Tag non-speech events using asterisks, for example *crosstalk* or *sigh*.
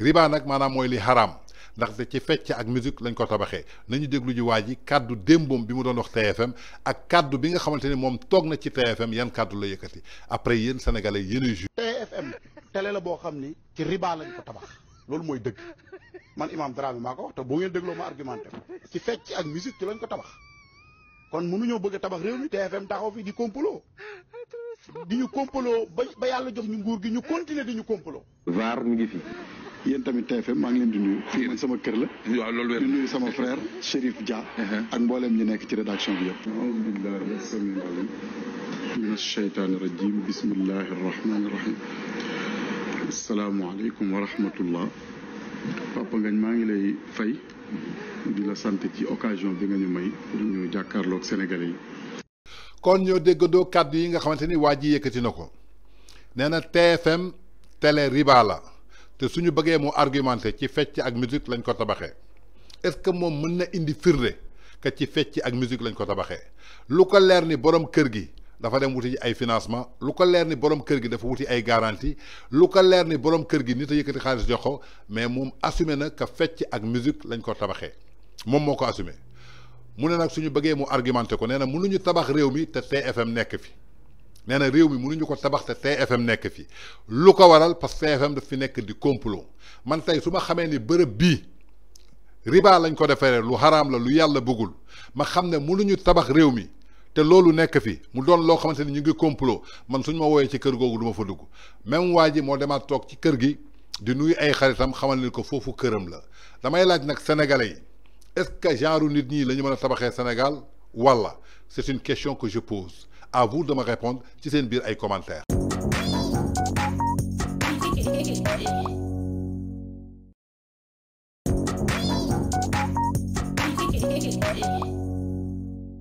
riba nag maanaam mooy li xaraam ndaxte ci fecc ak musique lañ ko tabaxee nañu déglu ji waa ji kàddu démboom bi mu doon wax TFM ak kàddu bi nga xamante ni moom toog na ci TFM yan kàddu la yëkkati après yéen sénégalais yéenay ju TFM télé la boo xam ni ci ribaa lañ ko tabax loolu mooy dëgg man Imam Dramé maa ko wax boo ngeen dégloo ma argumenté ko ci fecc ak musique ci lañ ko tabax kon mënuñoo bëgg a tabax réew mi TFM taxaw fi di complot di ñu complot ba ba yàlla jox ñu nguur gi ñu continuer di ñu complot. VAR yéen tamit TFM maa ngi leen di nuyu. fii sama kër la. waaw sama frère *laughs* Chérif Dia. Uh-huh. ak nekk ci rédaction bi yëpp. alhamdulilah samiil alim min asheytaani rajim bismillahi rahmaani rahim. maa ngi lay fay. di la sant ci occasion bi nga ñu may pour ñu jàkkaarloog Sénégalais kon ñoo déggandoo kàddu yi nga xamante ni waa ji yëkkati na ko nee TFM télé riba la. te suñu bëggee moo argumenté ci fecc ak musique lañ ko tabaxee est-ce que moom mën na indi firnde que ci fecc ak musique lañ ko tabaxee lu ko leer ni borom kër gi dafa dem wuti ay financement lu ko leer ni borom kër gi dafa wuti ay garantie lu ko leer ni borom kër gi nit a yëkkati xaalis jox ko mais moom assumé na que fecc ak musique lañ ko tabaxee moom moo ko assumé mu ne nag suñu bëggee mu argumenté ko nee lu ñu tabax réew mi te TFM nekk fi. nena rew mi munuñu ko tabax te TFM nek fi lu ko waral parce que TFM daf fi nek di complot man tay suma xamé ni bërëb bi riba lañ ko defere lu haram la lu yàlla bugul ma xamne munuñu tabax rew mi te loolu nek fi mu don lo xamanteni ñu ngi complot man suñ ma woyé ci kër googu duma fa dugg même waji mo dema tok ci kër gi di nuyu ay xaritam xamal ni ko fofu kërëm la damay laaj nak sénégalais est-ce que genre nit ñi lañu mëna tabaxé Sénégal wala c'est une question que je pose. à vous de me répondre c'est une une à commentaire. commentaire. *laughs*